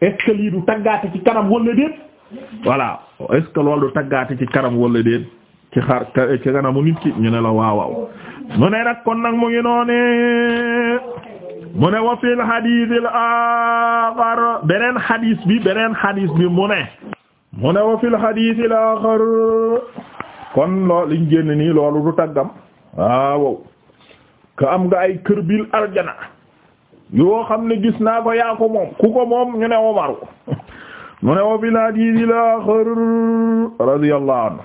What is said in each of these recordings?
est du taggaate ci kanam wala déet voilà est ce que loolu du taggaate ci kanam wala déet ci xar ci kanamu nit ki ne la waaw mu ne nag kon nag mu ngi noonee mu ne wa fil hadith beneen hadith bi beneen hadith bi mu ne mu ne wa fil hadith kon loolu liñ génn nii loolu du taggam waaw ka am nga ay kër bil aljana yoo xam ne gis naa ko yaa ko moom ku ko moom ñu ne Umaru mu ne wa bilaadi al-aaxir radiyallahu anhu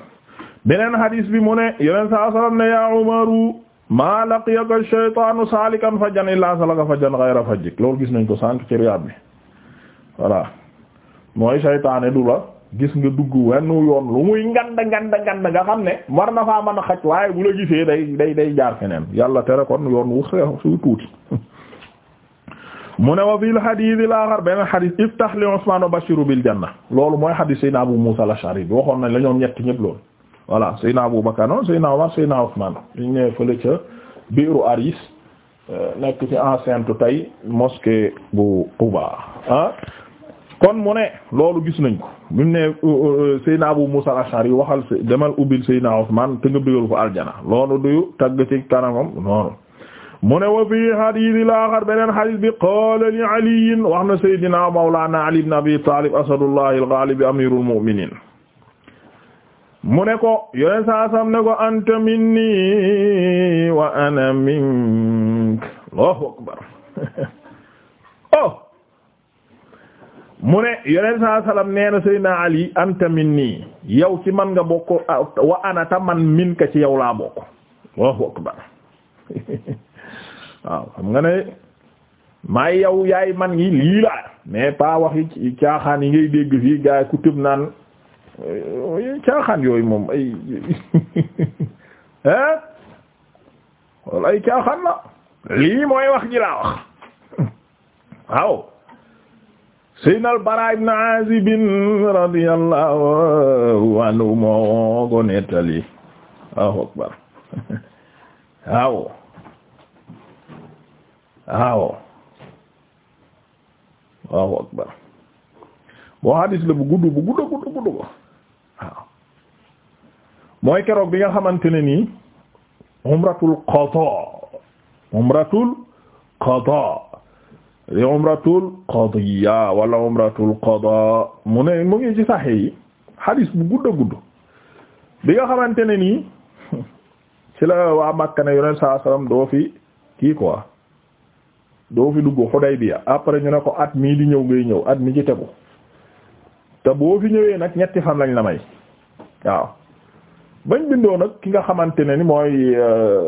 beneen hadis bi mu ne yeneen saa sallam ne yaa Umaru maa laqiyaka ash-shaytaanu saalikan fajjan illaa salaka fajjan ghayra fajjik loolu gis nañ ko sànq ci Riyaad bi voilà mooy seytaane du la gis nga dugg wenn yoon lu muy ngand ngand ngand nga xam ne war na faa mën a xaj waaye bu la gisee day day day jaar feneen yàlla tere kon yoon wu xew tuuti mu ne wa fil hadith al akhar beneen hadith iftah li Usman wa bashiru bil janna loolu mooy hadith Seydina Abu Musa al-Ash'ari bi waxoon nañ la ñoom ñett ñëpp loolu voilà Seydina Abu Bakar noonu Seydina Omar Seydina Usman ñu ne fële ca biiru Aris euh, tey mosquée bu Quba ah? kon mu ne loolu gis nañ ko bi mu ne euh, euh, Seydina Abu Musa al-Ash'ari waxal demal ubbil Seydina Usman te nga bëggal ko aljana loolu duyu tagg ci kanamam noonu mu ne wa fii hadiisil aaxar beneen bi qaala li na Ali ibn Abi Taalib asadullahi al-ghaalib amiirul mu'miniin mu ne ko yoneen saa sam ne ko anta minni wa ana minka akbar oh mu ne yoneen saa salam na Seydina Ali anta minni yow ci man nga bokk wa ta man minka ci yow laa bokk waaw xam nga ne maay yow yaay man yi lii la mais pas wax yi caaxaan yi ngay dégg fii gaa yi ku tëb naan eh, caaxaan yooyu moom ay hein walla ay caaxaan la lii mooy wax ji laa wax waaw Seydina al Bara ibn Azib radiyallahu anhu moo ko nettali Allahu akbar waaw aw waaw akbar boo hadis la bu gudd bu gudd gudd gudd ko waaw mooy keroog bi nga xamante ne nii umratul qada umratul qada li umratul qadiya wala mu ne mu ngi ci bu gudd a gudd nga xamante ne nii ci la waa Makka ne yoneen saa sallam doo fi kii quoi doo fi dugg Hudaybiya après ñu ne ko at mii di ñëw ngay ñëw at mi ci tegu te boo fi ñëwee nag ñetti fan lañ la may waaw bañ bindoo nag ki nga xamante ne ni mooy euh,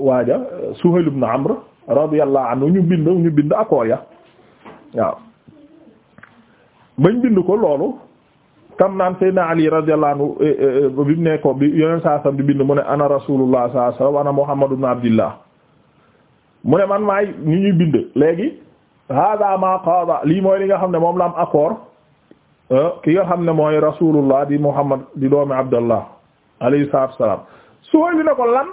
waaja Suhayl ibn Amr radiyallahu anhu ñu bind ñu bind accord ya waaw bañ bind ko loolu tam naan Seydina Ali radiyallahu eh, eh, eh, bi mu ne bi yeneen saa sam di bind mu ne ana rasulullah sallallahu alayhi ana Muhammad ibn Abdillah mu ne man maay ni ñuy bind léegi hada ma qaada lii mooy li nga xam ne moom la am accord euh, ki nga xam ne mooy rasulullah di muhammad di doomi abdallah alayhi salaatu wassalaam Suhayl ne ko lan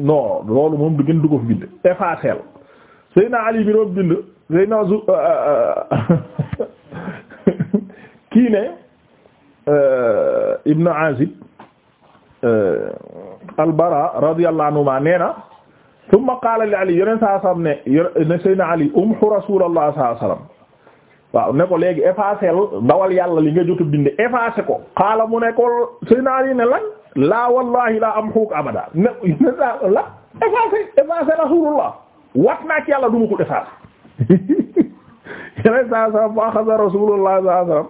non loolu moom du gën du ko fi bind effacer Seydina Ali bi doon bind euh, euh, kii ne Ibn Azib al-Bara radiyallahu anhu ma nee na thumma qaala li ali yeneen saa ne ne ali umhu rasulallah saa waaw ne ko léegi effacé ndawal yàlla li nga jotu binde ko qaala mu ne ko Seydina ali ne lan laa wallahi laa amhuuk abada ne la effacé effacé rasulullah wat naa ak yàlla du ma ko effacé yeneen saa sallam fa axada rasulullah saa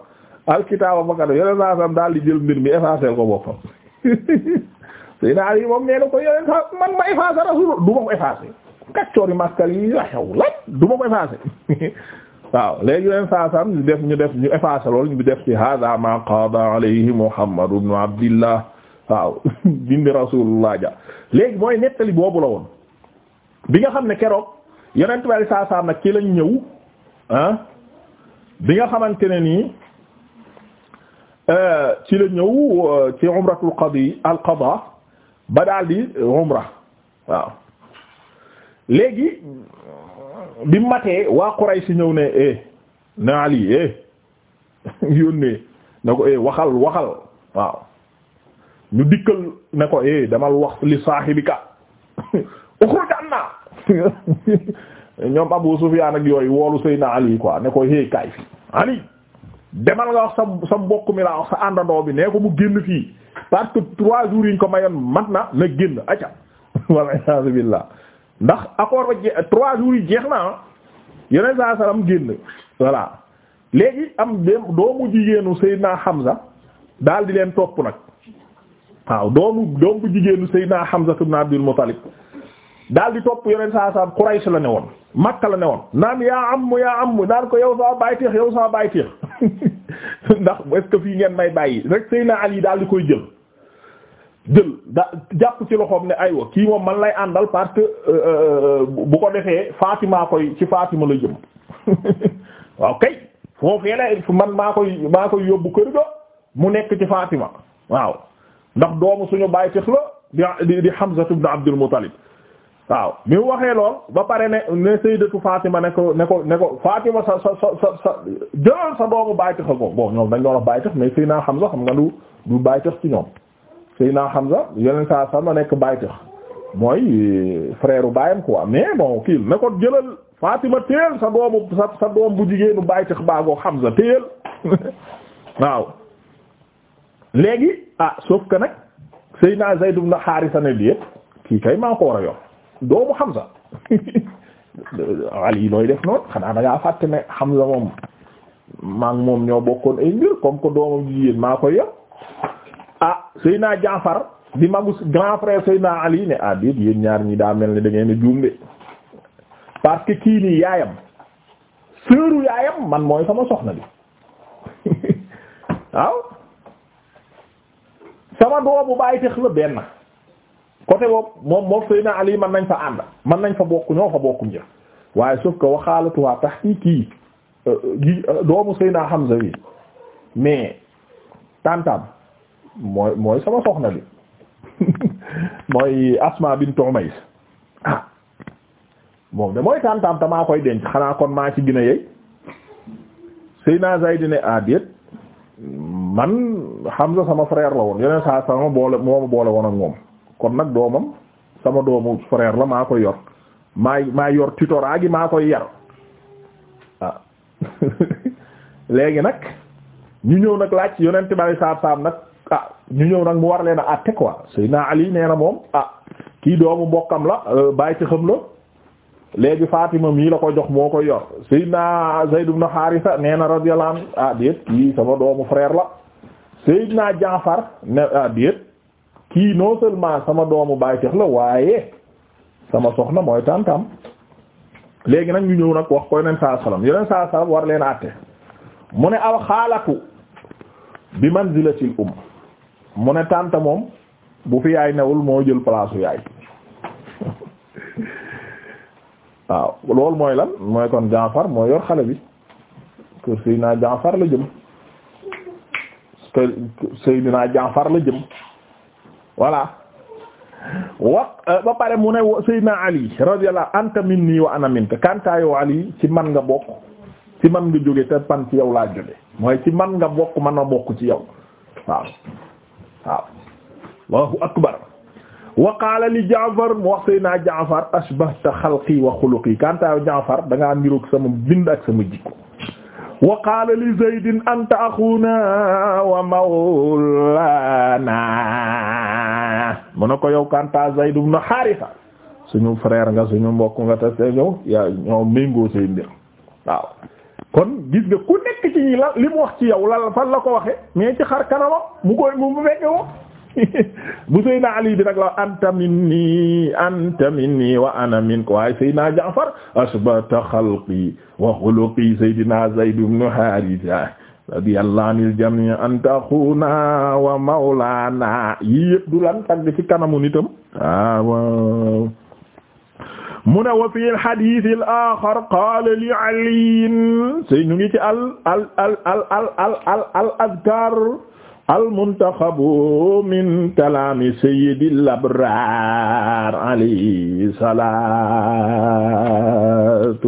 alkitaaba fakado yeneen saa daal di jël mbir mi effacé ko boppam Seydina Ali moom nee na ko yow man ma effacé Rasulullah du ma ko effacé kaccoor yi maskal yi wax yow lan du ma ko effacé waaw léegi yeneen saa sam ñu def ñu def ñu effacé lool ñu def ci hada ma qada alayhi Muhammad ibn Abdillah waaw dindi Rasulullah ja léegi mooy nettali boobu la woon bi nga xam ne keroog yonent bi saa saa nag ci lañ ñëw ah bi nga xamante ne nii euh, ci la ñëw euh, ci umratul qadi al qada ba daal di umra waaw léegi bi matee waa si ñëw ne eh na Ali eh yónnee na ko eh, waxal waxal waaw ñu dikkal ne ko eh damal wax li saahibika uxruj anna ñoom Abu Sufyaan ak yooyu woolu Seydina Ali quoi ne ko eh kaay fi Ali demal nga wax sa mbokk mi laa wax sa àndandoo bi nee ko mu génn fii parce que trois jours yi ñu ko mayoon mat na na génn acca waliyasu billah ndax accord ba je trois jours yi jeex na yeneen saa salaam génn voilà léegi am doomu jigéenu Seydina Hamza daal di leen topp nag waaw doomu doom bu jigéenu Seydina Hamza ibn Abdul Muttalib daal di topp yeneen saa salaam Quraysh la ne woon Makka la ne woon naan yaa am yaa am naan ko yow saa baay teex ndax est-ce ngeen may bàyyi rek Seydina Ali daal di koy jël jël da jàpp ci loxoom ne aywa kii moom man lay àndal parce que euh, euh, euh, bu ko defee Fatima koy ci Fatima la jëm waaw kay foofee la man maa koy maa koy yóbbu kër ga mu nekk ci Fatima waaw ndax doomu suñu bàyyi tix la di di Hamza ibn Abdul Muttalib waaw bi mu waxee lool ba pare ne ne sayyidatu Fatima ne ko ne ko ne ko Fatima sa sa sa sa jëlal sa doomu bàytax ko bon ñoom dañ doon wax bàytax mais Seydina naa xam xam nga du du bàytax ci ñoom Seydina Hamza yeneen saa sama nekk bàytax mooy euh, frère u baayam quoi mais bon kii ne ko jëlal Fatima téyel sa doomu sa sa doom bu jigéenu bàytax baagoo Hamza téyel waaw léegi ah sauf que nag Seydina Zayd ibn Haarisa ne déet kii kay maa a yor doomu Hamza Ali nooy def noonu xanaa da ngaa fàtte ne Hamza moom maa moom ñoo bokkoon ay mbir comme que doomam jigéen maa koy yor ah Seyna Jaafar di magu grand frère Seyna Ali ne ah déet yéen ñaar ñi daa mel ni dangeen ngeen a juum de parce que kii nii yaayam sëru yaayam man mooy sama soxna bi waaw sama doomu baay tex la benn. côté boobu moom moom Seydina Ali mën nañ fa ànd man nañ fa bokk ñoo fa bokkum njër waaye sauf que waxaalatu waa tax kii kii doomu Seydina Hamza wi mais tantam mooy mooy sama soxna li mooy Asma bint Umays ah moom de mooy tantam tamaa koy denc xanaa kon maa ci gën a yey Seydina Zayd ne adeet ah, man Hamza sama frère la woon yeneen saa sama boole moo ma boole woon ak moom kon nag doomam sama doomu frère la maa koy yor maa maa yor tutorat gi maa koy yar waaw ah. léegi nag ñu ñëw nag laaj yonent bari saab saab nag ah ñu ñëw nag mu war leen a àtte quoi naa Ali nee na moom ah kii doomu mbokkam la euh, bàyyi ci xam la léegi Fatima mii la ko jox moo koy yor Seydina Zayd ibn Haarisa nee na ah déet kii sama doomu frère la Seydina Jaafar ne ah déet kii noo seulement sama doomu baay tex la waaye sama soxna mooy tàntam léegi nag ñu ñëw nag wax ko yeneen saa salaam yeneen saa war leen àtte mu ne al xaalatu bi manzilatil um mu ne tànta moom bu fi yaay newul moo jël place yaay waaw loolu mooy lan mooy kon Jaafar mooy yor xale bi kër naa Jaafar la jëm kër naa Jaafar la jëm voilà wax euh, pare mu ne Seydina Ali radiyallahu anta minni wa ana minka kantaayu Ali ci man nga bokk ci man nga jóge te pan ci yow laa jóge mooy ci man nga bokk man a bokk ci yow waaw waaw Allahu akbar wa qaala li Jaafar mu wax Seydina Jaafar ashbahta xalqi wa xuluqi kantaayu Jaafar da ngaa niroog sama bind ak sama jikko wa qaala zaydin anta axuna wa mawlana mu ne ko yow kanta zayd ibn haarisa suñu frère nga suñu mbokk nga te te yow yaa ñoo méngoo say mbir waaw kon gis nga ku nekk ci ñi la li mu wax ci yow lal fan la ko waxe mais ci xar kanama mu koy mu mu fekke bu Seydina Ali bi nag la anta minni anta minni wa ana minka waaye Seydina Jaafar asbata xalqi wa xuluqi Seydina Zayd ibn Haarisa radiyallahu anil jamii anta axuna wa mawlana yii yëpp du lan tagg ci kanamu nitam ah, waaw mu ne wa fi al-hadiis al-aaxar qaala li Ali sëy ñu ngi ci al al al al al al al azkaar almuntaxabu min kalaami sayyidil abraar alayhi salaatu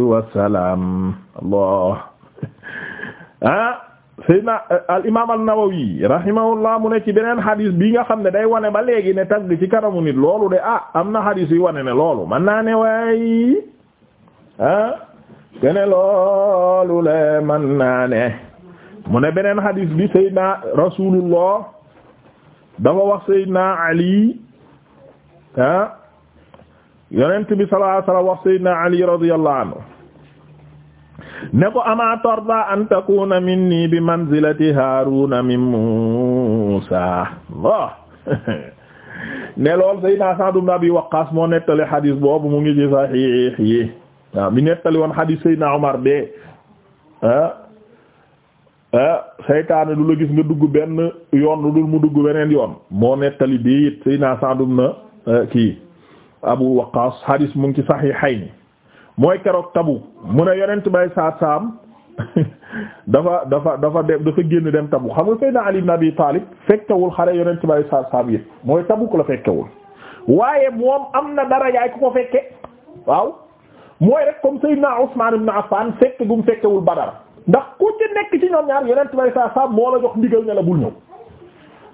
wassalaam allah ah sayyidina eh, al imaam an-Nawawi rahimahullah mu ne ci beneen xadis bi nga xam ne day wane ba léegi ne tagg ci kanamu nit loolu de ah am na xadis yi wane ne loolu mën naa ne waay ah kene loolu le mën naa mu ne beneen xadis bi Seydina Rasulullah dafa wax Seydina Ali ah yonent bi sallallahu alayhi wa sallam wax Seydina Ali radiyallahu anhu ne ko ama tarda an takuna minni bi manzilati Haaruna min Muusaa Allah ne lool Seydina Sa'd ibn Abi Waqqaas moo nettali xadis boobu mu ngi ci saxiix yi waaw mi nettali woon xadis Seydina Umar be ah seytaane lu la gis nga dugg benn yoon lu dul mu dugg beneen yoon moo nettali bii it sayna Sa'dum na kii Abu Waqqas hadis mu ngi ci Sahihayni mooy keroog Tabuk mu ne yonent bay saa saam dafa dafa dem dafa génn dem Tabuk xam nga sayna Ali ibn Abi Talib fekkewul xare yonent bay saa saam yëpp mooy Tabuk la fekkewul waaye moom am na dara yaay ku ko fekke waaw mooy rek comme sayna Usman ibn Affan fekk gum fekkewul Badar ndax ku ci nekk ci ñoom ñaar yonent bay saa saa moo jox ndigal ne la bul ñëw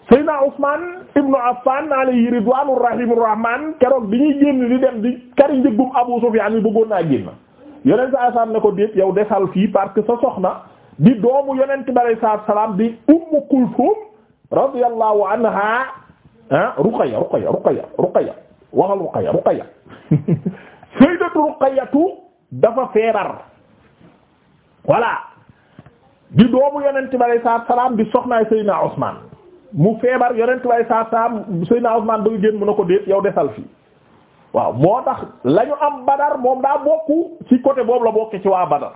Seydina Ousmane ibnu Affan alayhi ridwaanu rahimu rahmaan keroog bi ñuy génn di dem di kari njëggum Abu Sufyaan bi bëggoon naa génn yonent saa saa ne ko déet yow desal fii parce que sa soxna di doomu yonent bi alayhi salaatu salaam di Ummu Kulthum radiyallahu anha ah Ruqayya Ruqayya Ruqayya Ruqayya dafa feebar voilà di doomu yonent bi alayhi salaam di soxnaay Seydina Ousmane mu feebar yonent bi alayhi salaatu salaam Seydina Ousmane bëgg génn mu ne ko déet yow desal fii waaw moo tax la am Badar moom daa bokk ci côté boobu la bokk ci waa Badar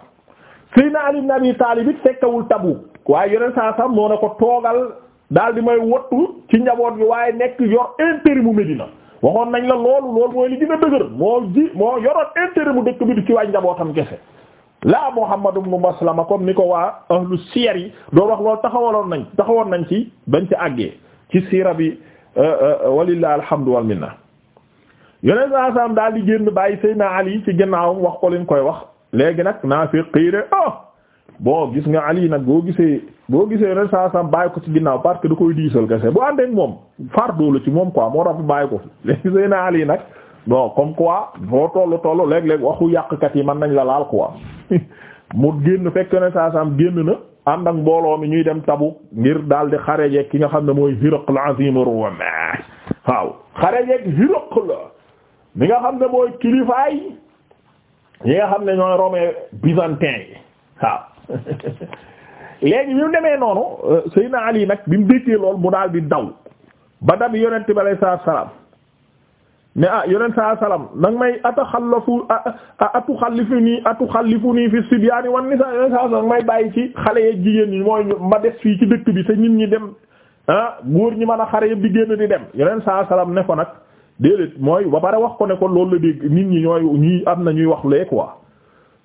Seydina Ali na Abi Taalib it fekkewul Tabuuk waaye yonent saa salaam moo ne ko toogal daal di may wottu ci njaboot gi waaye nekk yor intérêt mu Medina waxoon nañ la loolu loolu mooy li gën dëgër moo ji moo yoroon intérêt mu dëkk bi njabootam kese. laa Muhammad ibn Maslama comme ni ko waa ahlu siyar yi doo wax loolu taxawaloon nañ taxawoon nañ ci bañ ci àggee ci siira bi euh, euh, walillahi alhamdu wal minna yeneen saa saam daal di génn bàyyi Seydina Ali ci ginnaawam wax ko leen koy wax léegi nag naa fi xiire ah oh, bon gis nga Ali nag boo gisee boo gisee yeneen saa saam bàyyi ko ci ginnaaw parce que da koy diisal kese bu àndeek moom fardeau la ci moom quoi moo tax bàyyi ko fi léegi Seydina Ali nag. bon comme quoi boo tollu tollu léeg-léeg waxu yàqkat yi mën nañ la laal quoi mu génn fekk na saa saam génn na ànd ak mbooloo mi ñuy dem tabu ngir daal di xare ki nga xam ne mooy Hiraql azim Rum waaw xare yeeg la mi nga xam ne mooy kilifaay yi nga xam ne ñooy romain byzantin yi waaw léegi bi mu demee noonu euh, Seydina Ali nag bi mu déggee lool mu daal di daw ba dab yonent bi alayhi salaam ne ah yonent saa salaam nag may ataxallafu atuxallifuni atuxallifuni fi sibyaani wan nisaa yonent saa salaam may bàyyi ci xale yeeg jigéen ñi mooy ma des fii ci dëkk bi te nit ñi dem ah góor ñi man a xare yëpp di génn di dem yonent saa salaam ne ko nag déedéet mooy ba pare wax ko ne ko loolu la dégg nit ñi ñooy ñuy am na ñuy wax lee quoi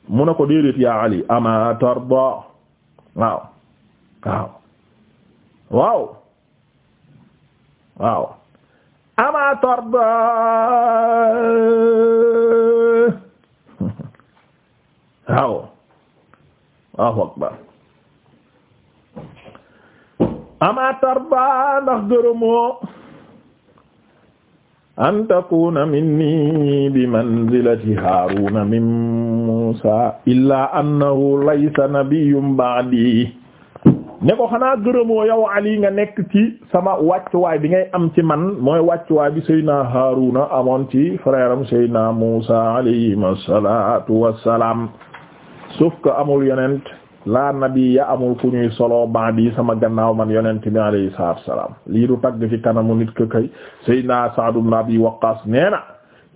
mu ne ko déedéet yaa Ali ama tarda waaw waaw waaw waaw. ama tarda waaw Allahu akbar ama tarda ndax gërëmoo an takuna minni bi manzilati Haaruna min Muusaa illa annahu laysa nabiyyun ba'di ne ko xanaa gërëmoo yow Ali nga nekk ci sama wàccuwaay bi ngay am ci man mooy wàccuwaay bi Seydina Haaruna amoon ci frère am Seydina Muusa alayhi salaatu wassalaam amul yonent laa nabiya amul ku ñuy solo baadi sama gannaaw man yonent bi alayhi salaatu wassalaam lii du tagg ci kanamu nit ko kay Seydina Sa'd ibn Abi Waqqaas nee na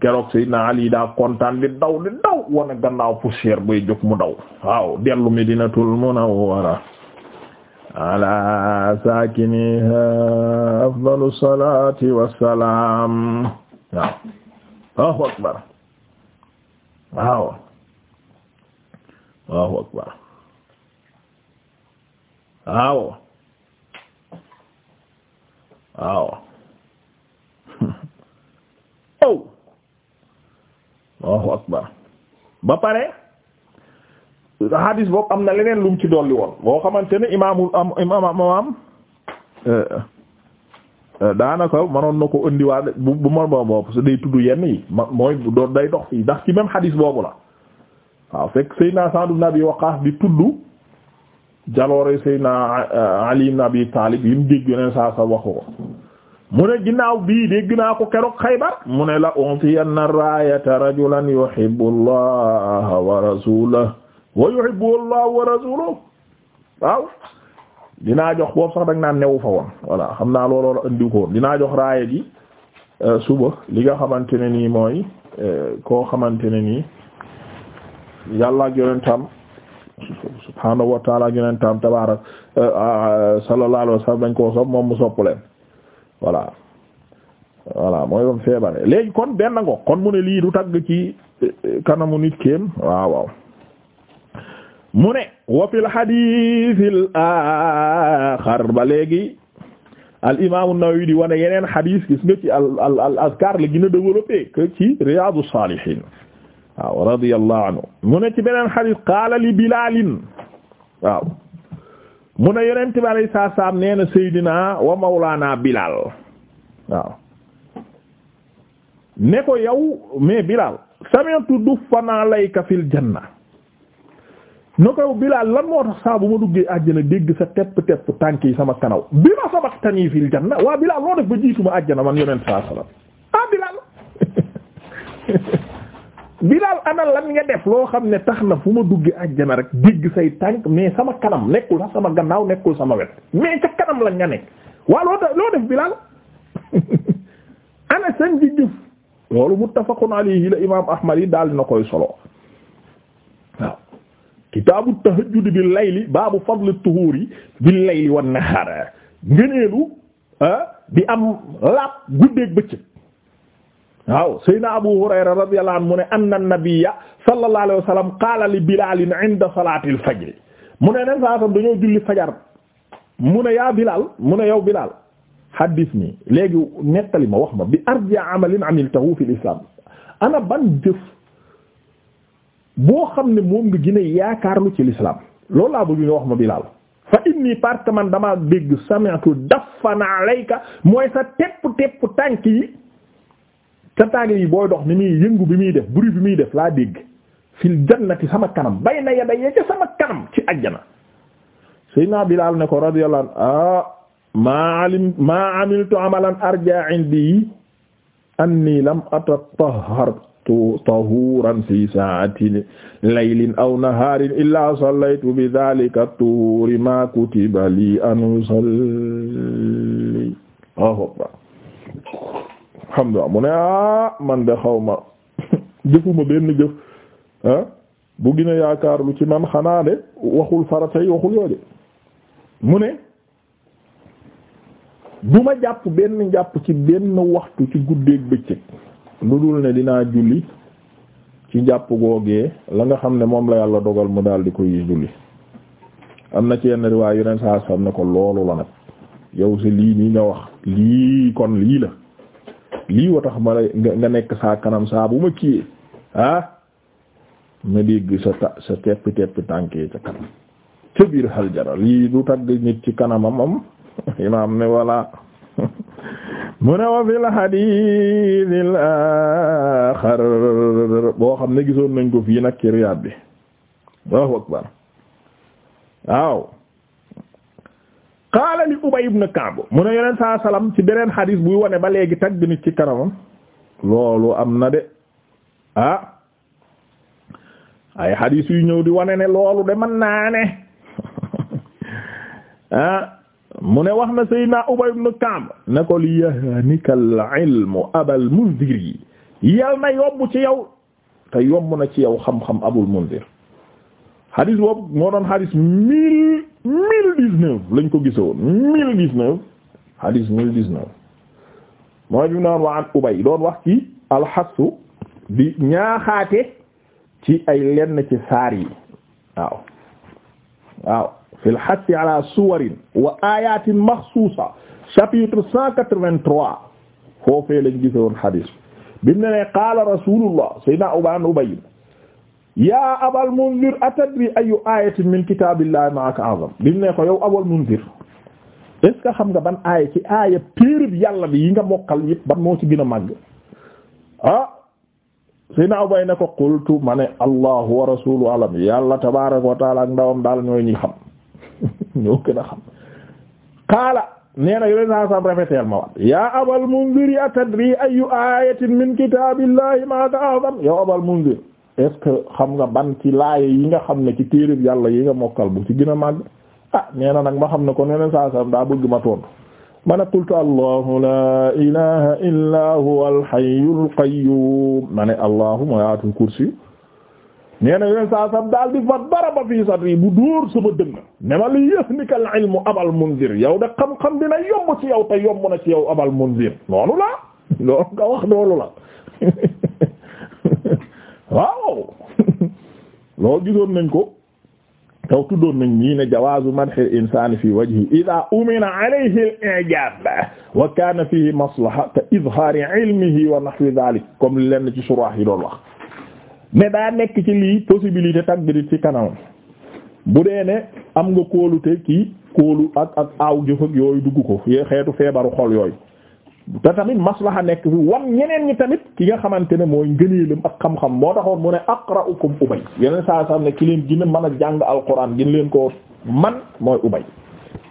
keroog Seydina Ali daa kontaan di daw di daw wane gannaaw poussière buy jóg mu daw waaw dellu Madinatul Munawwara ala saakiniha afdalu salaati wassalaam waaw Allahu akbar waaw Allahu akbar waaw waaw Allahu akbar ba pare hadis boobu am na leneen lu mu ci dolli woon boo xamante ne imaamul am imaam am euh, euh, daanaka manoon na ko indiwaat bu bu ma boobu su day tudd yenn yi ma mooy day dox fii ndax ci même hadis boobu la waaw fekk Seydina Sa'd ibn Abi Waqqas di tudd jaloore Seydina euh, Ali ibn Abi Talib yi mu dégg ne ginnaaw bii dégg naa ko keroog Xaybar mu ne la unti anna raayata rajulan yuhibbu Allah wa rasulahu wa yuhibbu Allahu waaw dinaa jox boobu sax dag naan newu fa woon voilà xam naa looloo indi ko dinaa jox raaya ji euh, suba li nga xamante ne nii mooy euh, koo xamante ne nii yàlla ak yonentam subhaanahu wa ta'ala ak yonentam tabaarak euh, sallallahu alayhi wa dañ koo sopp moom mu sopp leen voilà voilà mooy bam feebare léegi kon benn ngo kon mu ne lii du tagg ci kanamu nit kéem waaw waaw mu ne wa fil xadiisil aaxar ba léegi al imaamu Nawawi di wane yeneen xadiis gis nga ci al al al azkaar la gën a développé que ci Riyaadu Saalihiin waaw radiyallahu anhu mu ne ci beneen xadiis qaala li Bilaalin waaw mu ne Yonent bi alayhi salaatu salaam nee na Seydina wa Mawlaana Bilaal waaw ne ko yow mais Bilaal sami'tu dufanaa layka fil janna na ko Bilaal lan moo tax saa bu ma duggee àjjana dégg sa tepp tepp tànk yi sama kanaw bi ma sabaqtanii fil janna waa Bilaal loo def ba jiitu ma àjjana man yonent saa salaam ah Bilaal Bilaal ana xam ne tax na fu ma duggee àjjana rek dégg say tànk mais sama kanam nekkul sax sama gannaaw nekkul sama wet mais ca kanam nekk waa loo def loo def Bilaal ana seen ji jëf loolu muttafaqun alayhi la imaam Ahmad yi daal na koy solo. kitaabu tahajjud bil layli baabu fadl at-tuhuri bil layli wan nahaar ngëneelu ah, di am laab guddeeg bëccëg waaw Seydina Abu Hurayra radiyallahu anhu mu ne anna nabiyya sallallahu alayhi wa sallam qaala li Bilaal inda salaatil fajr mu ne nen saa sam dañoo julli fajar mu ne yaa Bilaal mu ne yow Bilaal haddis nii léegi nettali ma wax ma bi arja amalin amiltahu fil islam ana ban jëf boo xam ne moom nga gën a yaakaarlu ci lislaam loolu laa bëgg nga wax ma Bilaal fa inni parce que man damaa dégg sami'tu daffana alayka mooy sa tepp tepp tànk yi sa tànk yi booy dox ni muy yëngu bi muy def buri bi muy def laa dégg fil jannati sama kanam bayna yadayya ca sama kanam ci ajjana Seydina Bilaal ne ko radiyallahu anhu ah maa alim maa amiltu amalan arja anni lam atatahhar tahuran fi sa'atin laylin aw naharin illa sallaytu bi dhalika at-tuhuri ma kutiba li an usalli alhamdulillah mu ne ah man de xaw ma jëfuma benn jëf ah, bu gën yaakaar lu ci man xanaa de waxul faratay waxul yoo de mu ne duma jàpp benn jàpp ci benn waxtu ci guddeeg bëccëg lu dul ne dinaa julli ci njàpp googee la nga xam ne moom la yàlla dogal mu daal di koy julli am na ci yenn riwaay yeneen saa sam ne ko loolu la nag yow si lii nii nga wax lii kon lii la lii wa tax ma nga nekk saa kanam saa bu ma kiyee ah ma dégg sa ta sa tepp tepp tànkee ca kanam ca biir xal lii du tagg nit ci kanamam am imaam ne voilà mu ne wa fil hadiisil aaxar boo xam ne gisoon nañ ko fii nag ci bi Allahu akbar waaw qaala li Ubay ibn Ka'b mu ne yeneen saa salaam ci beneen xadis buy wane ba léegi tagg nit ci kanamam loolu am na de ah ay xadis yu ñëw di wane ne loolu de mën naa ne ah mu ne wax na Seydina Ubay ibn Ka'b ne ko li yahnikal ilmu abal Munzir yal na yomb ci yow te yomb na ci yow xam-xam abul Munzir hadis boobu moo doon hadis mille mille lañ ko gisoon mille dix-neuf hadis mille dix-neuf mu doon wax an Ubay doon wax ci alxassu bi ñaaxaate ci ay lenn ci saar yi waaw waaw fil hassi ala suwarin wa ayatin maxsuusa chapitre cent quatre-vingt-trois foofee lañ gise woon hadis bi mu ne ne qaala rasulullah sayyidina ubaan ubay yaa abal munzir atadri ayu ayatin min kitaabillahi ma'aka azam bi mu ne ko yow abal munzir est ce que xam nga ban aaya ci aaya péerib yàlla bi yi nga mokkal yëpp ban moo ci gën a màgg ah sayyidina ubay ne ko qultu ma ne allahu wa rasuluhu alam yàlla tabaaraka wa taala ak ndawam daal ñooy ñi xam ñoo gën a xam qaala nee na yore naa sam rafeteel ma waat yaa abal munzir atadri ayu ayatin min kitaabillahi maa ka azam yow abal munzir est-ce xam nga ban ci laaya yi nga xam ne ci téereb yàlla yi nga mokkal bu ci gën a màgg ah nee nag ma xam ne ko yoneen saa sam daa bëgg ma tontu ma qultu allahu la ilaha illa huwa alhayyul qayyum ma ne allahuma yaatul nee na yoneen saa sam daal di fa daraba fii sadri bu dóor sama dënn ne ma li yahnika al ilmu abal munzir yow de xam-xam dina yomb ci yow te yomb na ci yow abal munzir noonu la loolu nga wax loolu la waaw loolu gisoon nañ ko taw tuddoon nañ ñii ne jawaazu madhil insani fi wajhi ida umina alayhi al i'jab wa kana fihi maslaha ka izhari ilmihi wa nahwi dhalik comme lenn ci surah yi doon wax mais daa nekk ci lii possibilité takbir ci kanam bu dee ne am nga kóolute kii kóolu ak ak aaw jëf ak yooyu dugg ko yee xeetu feebaru xol yooyu te tamit maslaha nekk fi wan ñi tamit ki nga xamante ne mooy ngëneelam ak xam-xam moo taxoon mu ne aqra'ukum ubay yeneen saa sax ne ki leen gën a mën a jàng alquran gën leen ko man mooy ubay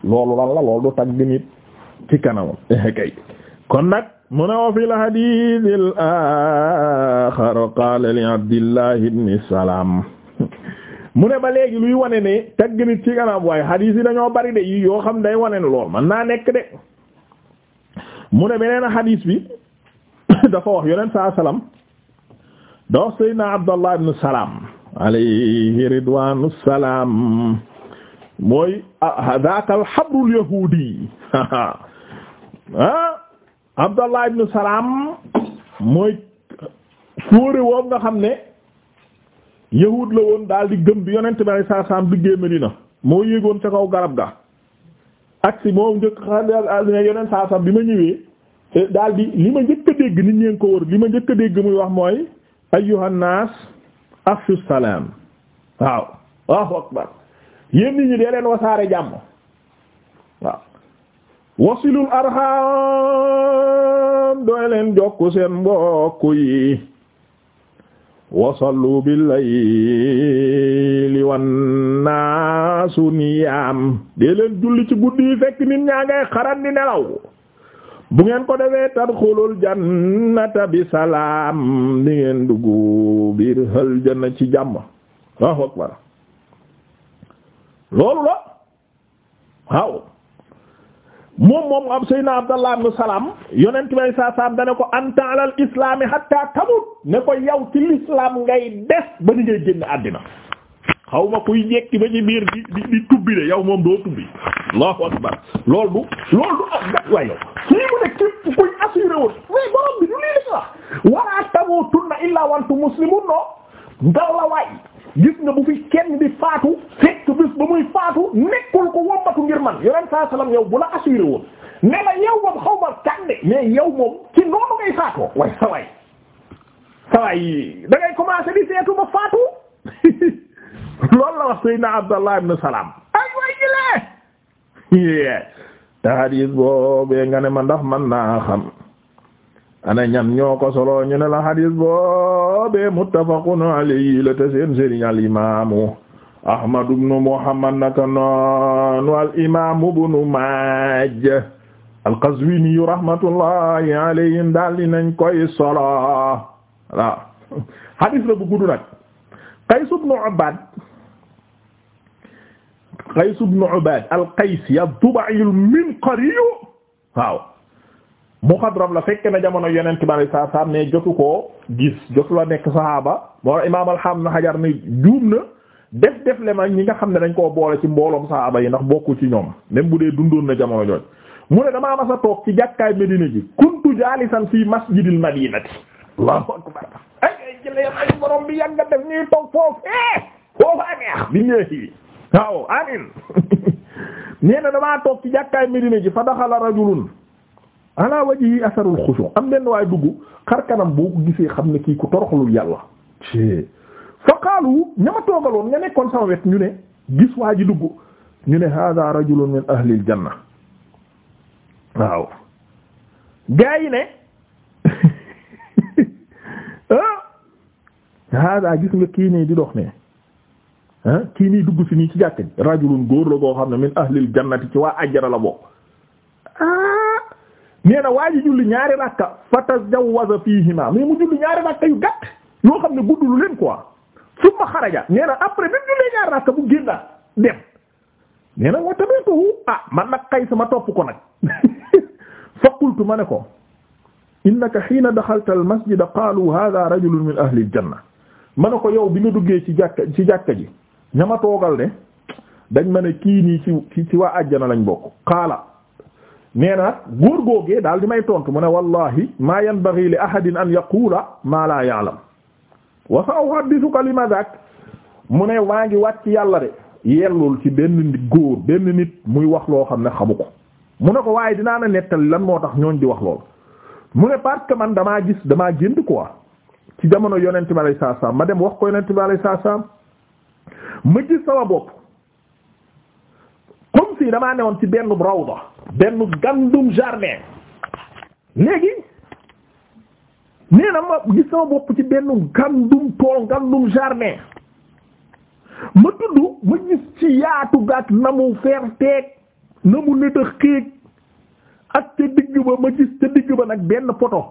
loolu lan la loolu du takbir nit ci kanam kon nag mu ne wa fil hadith al akhar qala li Abdillah ibn Salam mu ne ba léegi luy wane ne tagg nit ci kanam waaye hadith yi dañoo bari de yi yoo xam day wane ne lool man naa nekk de mu ne beneen hadith bi dafa wax yonent saa salaam da wax Seydina Abdallah ibn Salam alayhi ridwanu salam mooy ah, zaakal habrul yahudi ah Abdallah ibn salaam mooy fóore woom nga xam ne yahud la woon daal di gëm bi yonent bi saa saam liggéey Medina moo yéegoon ca kaw garab ga ak si moom njëkk xam ne yonent saa saam bi ma ñëwee eh, daal li ma njëkk dégg nit ñeen ko wër li ma njëkk dégg muy wax mooy ayyuhan naas afshu salaam waaw waaw akbar yéen nit ñi dee leen wasaare jàmm waaw wasilul arham doy leen jokku seen mbokk yi wasallu bil layli wan naasu dee leen julli ci guddi yi fekk nit ñaa ngay xaran di nelaw bu ngeen ko defee tadxulul jannata bi salaam di ngeen ci jàmm loolu la waaw moom moom am Seydina Abdallah ibn Salam yonent bay saa dana ko anta alal islaami hatta tamut ne ko yow ci l'islam ngay des ba ni ngay àddina xaw ma kuy yekki ba ci biir di di tubbi de yow moom doo tubbi allahu akbar loolu du loolu du ak gat waaye yow fii kuy assuré woon mais borom bi du lii la wax wala tamutunna illa wa antum muslimun no ndaw la waay gis nga bu fi kenn di faatu fekk bis ba muy faatu nekkul ko wombatu ngir man yonent saa salaam yow bu la assuré woon ne la yow xaw ma kànde mais yow moom ci noonu ngay faatoo waaye sa waay sa waay da ngay commencer di seetu ba faatu loolu la wax Seydina Abdallah ibn Salam ay waay jilee te hadis boobee nga ne ma ndax man naa ana ñan ñoo ko solo ñu ne la boobe muttafaqun alayhi la te seen sëriñ al imaamu ahmad ibnu muhammad naka noonu al imaamu ibnu maaja al qazwini rahmatullahi alayhim daal di koy solo waaw hadis la qays ibnu ubaad al qays ya dubai al minqari waaw muxadram la fekk na jamono yeneen ki alayhi salaatu saa ne jotu koo gis jotu la nekk saxaaba moo imaam al-Haam na xajar ni juum na def def le ñi nga xam ne dañ koo boole ci mbooloom saxaaba yi ndax bokkul ci ñoom même bu dee dundoon na jamono jooju mu ne damaa mas a toog ci jàkkaay Medina ji kuntu jaalisan fii masjidil madinati di akbar ay ay jëlee ay bi yàgg def ñuy toog foofu eh foofu toog ci jàkkaay Medina ji fa daxala rajulun ala wajhi asarul xushu am benn waaye dugg xar kanam boo ko gisee xam ne kii ku toroxlul yàlla fa qaalu ña ma toogaloon nga nekkoon sama wet ñu ne gis waa ji dugg ñu ne hada rajulun min ahlil janna waaw ah, nii di dox ne ah dugg si nii ci jàkk rajulun góor la goo xam ne min ahlil jannati ci waa ajjara la bokk nee na waa ji julli ñaari rakka fa tazawwaza fiihima mais mu julli ñaari rakka yu gàtt yoo xam ne guddulu leen quoi summa xaraja nee na après bi mu jullee rakka bu génnaat dem nee na wa tabi'tuhu ah man nag xay sama topp ko nag fa qultu ma ne ko innaka hiina daxalta al masjida qaalu haaza rajulun min ahli al janna ma ne ko yow bi nga duggee ci jàkka ci jàkka ji ma toogal de dañ ma ne kii nii ci ci waa àjjana lañ bokk nee na góor góogee daal di may tontu mu ne wallahi maa yanbaghi li ahadin an yaqula maa laa ya'lam wa sa uhaddithuka lima dhak mu ne waa ngi wàcc yàlla de yellul ci benn góor benn nit muy wax loo xam ne xamu ko mu ne ko waaye dinaa na nettali lan moo tax ñooñ di wax lool mu ne parce que man damaa gis damaa gént quoi ci jamono yonent bi alayhi salaam ma dem wax ko yonent bi alayhi salaam ma gis sama bopp comme si damaa newoon ci benn rawda benn gandum jardin léegi nee na ma gis sama bopp ci benn gandum tool gandum jardin ma tudd ma gis ci yaatu gaak na mu ferteeg na mu neta ak ca digg ba ma gis ca digg ba nag benn poto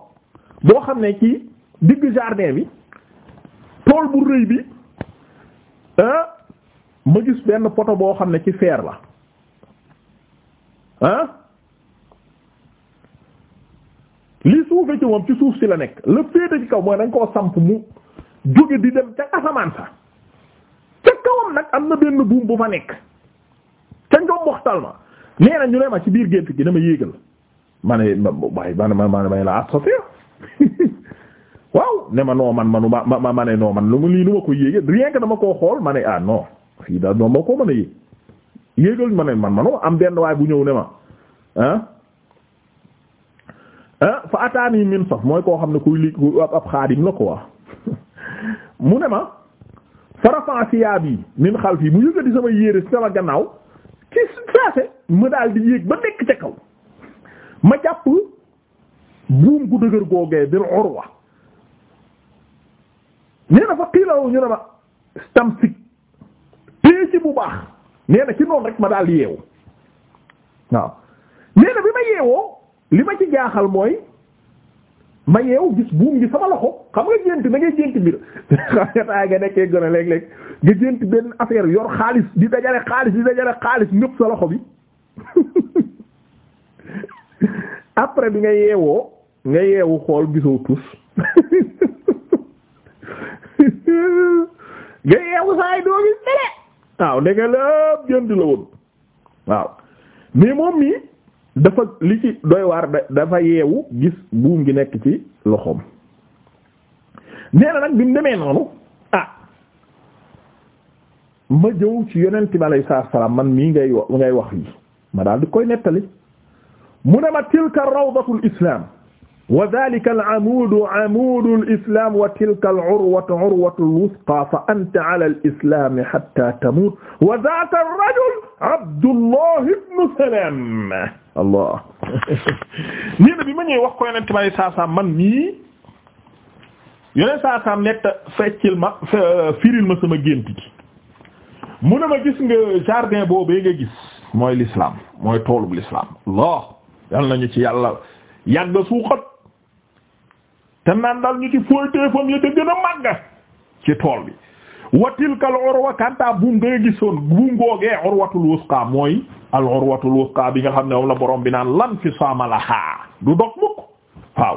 boo xam ne ci digg jardin bi tool bu rëy bi ah, ma gis benn poto boo xam ne ci feer la ah li suufe ci moom ci suuf si la nekk la féete ci kaw mooy dañ koo samp mu jóge di dem ca asamaan sa ca kawam nag am na benn buum bu fa nekk ca njomboxtal ma nee na ñu ne ma ci biir gént gi dama yéegal ma ne waaye ma ma ma may la associé waaw ne ma noo man manu ma ma ma ne noo man lu mu lii nu ma ko yéegee rien dama koo xool ma ne ah non fii koo mën a yéeg yéegal ma ne man manuma am benn waay bu ñëw ne ma ah, ah fa ataani min saf mooy koo xam ne kuy li ku ab xaadim la quoi mu ne ma fa rafa'a siyaabi min xalfi mu yëgati sama yére si sama gannaaw ci saase ma daal di yéeg ba nekk ca kaw ma jàpp buum gu dëgër googee bil urwa nee na fa xiilawu ñu ne ma stamsik téye bu baax nee na ci noonu rek ma daal yeewu waaw nee bi ma yeewoo li ma ci jaaxal mooy ma yeewu gis buum gi sama loxo xam nga gént da ngay gént mbir xam nga taa gént benn affaire yor xaalis di dajale xaalis di dajale xaalis ñëpp sa loxo bi après bi nga yeewoo nga yeewu xool gisoo tus nga yeewu saa yi doo gis waaw ndeke lépp jënd la woon waaw mais moom mi dafa li ci doy waar dafa yeewu gis buum gi nekk ci loxoom nee na nag bi mu demee noonu ah ma jëw ci yonent bi alayhi salaam man mii ngay ngay wax yi ma daal koy nettali mu ne ma tilka rawdatul islam wa dhalika al-amudu amudu al-islam wa tilka al-urwatu urwatu al wuthqa fa anta al-islam hatta tamut wa dhaka ar-rajul Abdullah ibn Salam Allah nee na ma ñëw wax ko yonent bi saa saa man mii yonent saa saa nett firil ma sama gént gi mu ne ma gis nga jardin boobee nga gis mooy l'islam mooy toolub l'islam Allah yal nañu ci yàlla yàgg suuxat te naan dal ñu ci fooyteefam ya te gën a màgg ci tool bi wa tilka al urwa kanta buum nga gisoon buum googee urwatul wusqa mooy al urwatul wusqa bi nga xam ne moom la borom bi naan lan fi saama lahaa du dog mukk waaw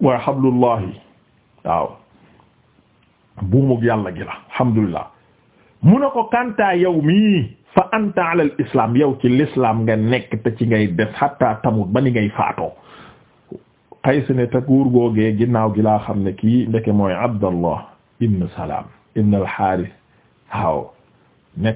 waaw hablullahi waaw buumug yàlla gi la alhamdulillah mu ne ko kanta yow mii fa anta al islam yow ci lislaam nga nekk te ci ngay des hatta tamut ba ni ngay faatoo Qays ne te guur googee ginnaaw gi laa xam ne kii ndeke mooy Abdallah ibn Salam ibn al-Harith waaw